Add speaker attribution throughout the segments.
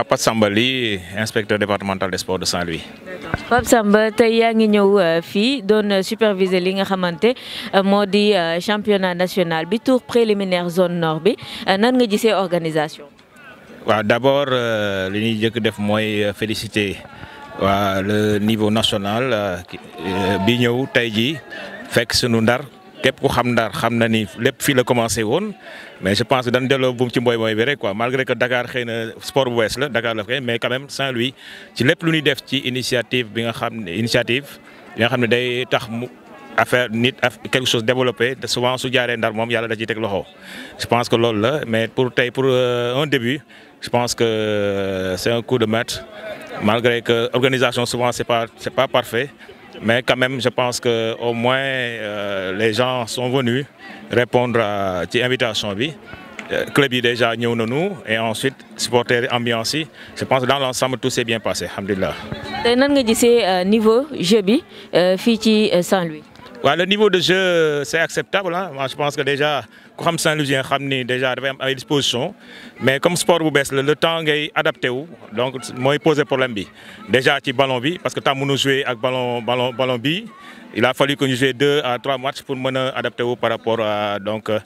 Speaker 1: Papa Sambali inspecteur départemental des sports de Saint-Louis.
Speaker 2: Pape Samba tu es ngi ñëw euh, fii euh, superviser li euh, championnat national bi tour préliminaire zone nord bi nan nga gisee organisation.
Speaker 1: d'abord je veux féliciter le niveau national bi ñëw fex nundar. fekk képp ku xam Ndar xam na ni lépp fii la commencé woon mais je pense que dañ delloo buum ci mboy mooy bi rek quoi malgré que Dakar xëy na sport ouest, bees la Dakar la koy mais quand même Saint-Louis ci lépp lu ñuy def ci initiative bi nga xam initiative bi nga xam ne day tax affaire nit quelque chose développé te souvent su jaaree Ndar moom yàlla da ciy teg loxo. je pense que loolu la mais pour tey pour euh, un début je pense que euh, c'est un coup de maître malgré que organisation souvent c'est pas c'est pas parfait. Mais quand même, je pense qu'au moins, euh, les gens sont venus répondre à l'invitation. Le euh, club est déjà venu nous et ensuite, supporter ambiance. Je pense que dans l'ensemble, tout s'est bien passé. Alhamdulillah.
Speaker 2: Comment le euh, niveau de jeu sans Saint-Louis
Speaker 1: Le niveau de jeu, c'est acceptable. Hein. Moi, je pense que déjà, ku saint déjà à disposition mais comme sport vous baisse le temps est adapté ou donc pose poser problème déjà le ballon bi parce que tant on jouer avec ballon ballon ballon il a fallu que nous jouions deux à trois matchs pour nous adapter par rapport à donc euh,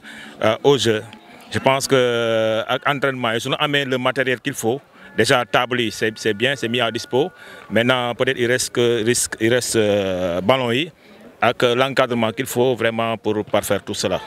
Speaker 1: au jeu je pense que l'entraînement, euh, entraînement yi amené le matériel qu'il faut déjà table c'est bien c'est mis à dispo maintenant peut-être il reste que il reste euh, ballon yi avec l'encadrement qu'il faut vraiment pour parfaire tout cela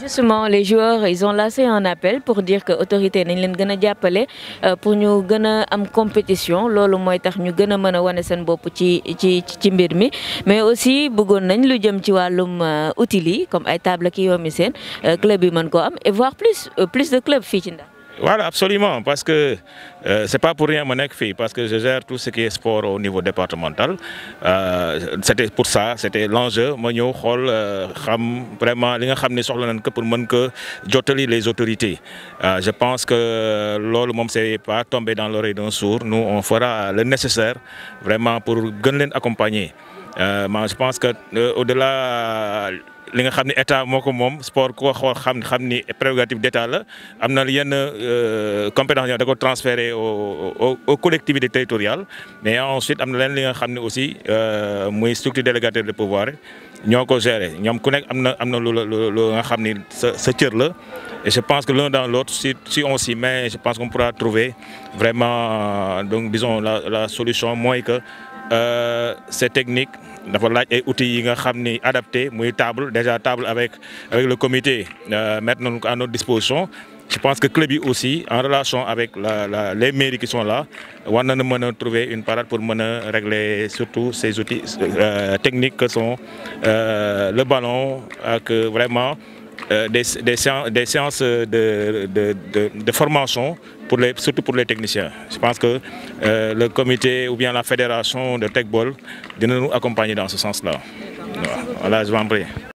Speaker 2: justement les joueurs ils ont lancé un appel pour dire que l'Autorité n'est pas gën a euh, pour ñu gën en am compétition Lors le tax ñu gën a mën a wane seen bopp ci ci ci mbir mi mais aussi beaucoup nañ lu jëm ci wàllum euh, outils comme ay table ki yoomi seen euh, club yi am et voir plus plus de clubs fii
Speaker 1: voilà, absolument, parce que euh, ce n'est pas pour rien mon fille, parce que je gère tout ce qui est sport au niveau départemental. Euh, c'était pour ça, c'était l'enjeu. je euh, vraiment les les autorités. je pense que l'on ne s'est pas tombé dans l'oreille d'un sourd. Nous, on fera le nécessaire vraiment pour accompagner. Euh, man je pense que euh, au-delà li nga xam état moko mom sport ko xool xam xam prérogative d'état la amna yenn euh, compétence yoo da ko transférer au aux collectivités territoriales mais ensuite amna na leen li nga xam ne aussi euh, muy structure délégataire de pouvoir ñoko gérer ñom ku nek amna amna am na lu lu nga sa sa la et je pense que l'un dans l'autre si si on s'y met je pense qu'on pourra trouver vraiment donc disons la la solution moins que euh, ces techniques et outils adaptés sont table déjà table avec le comité euh, maintenant à notre disposition je pense que club aussi en relation avec les mairies qui sont là on trouver une parade pour régler surtout ces outils euh, techniques que sont le ballon que vraiment euh, des, des, séances, de, formation, pour les, surtout pour les techniciens. Je pense que euh, le comité ou bien la fédération de Techball doit nous accompagner dans ce sens-là. Voilà, je vous en
Speaker 2: prie.